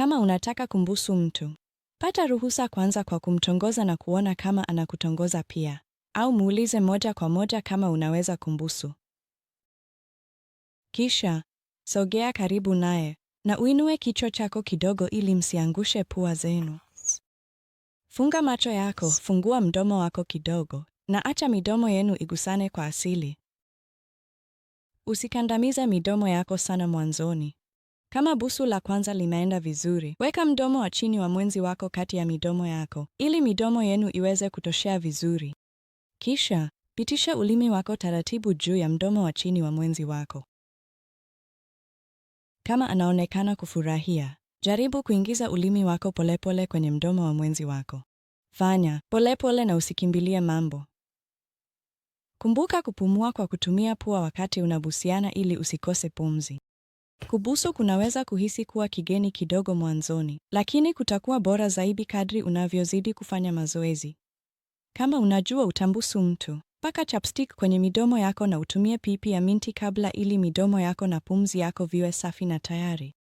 Kama unataka kumbusu mtu, pata ruhusa kwanza kwa kumtongoza na kuona kama anakutongoza pia, au muulize moja kwa moja kama unaweza kumbusu. Kisha sogea karibu naye na uinue kichwa chako kidogo ili msiangushe pua zenu. Funga macho yako, fungua mdomo wako kidogo na acha midomo yenu igusane kwa asili. Usikandamize midomo yako sana mwanzoni. Kama busu la kwanza limeenda vizuri, weka mdomo wa chini wa mwenzi wako kati ya midomo yako ili midomo yenu iweze kutoshea vizuri. Kisha pitisha ulimi wako taratibu juu ya mdomo wa chini wa mwenzi wako. Kama anaonekana kufurahia, jaribu kuingiza ulimi wako polepole pole kwenye mdomo wa mwenzi wako. Fanya polepole pole na usikimbilie mambo. Kumbuka kupumua kwa kutumia pua wakati unabusiana ili usikose pumzi. Kubusu kunaweza kuhisi kuwa kigeni kidogo mwanzoni, lakini kutakuwa bora zaidi kadri unavyozidi kufanya mazoezi. Kama unajua utambusu mtu, paka chapstick kwenye midomo yako na utumie pipi ya minti kabla ili midomo yako na pumzi yako viwe safi na tayari.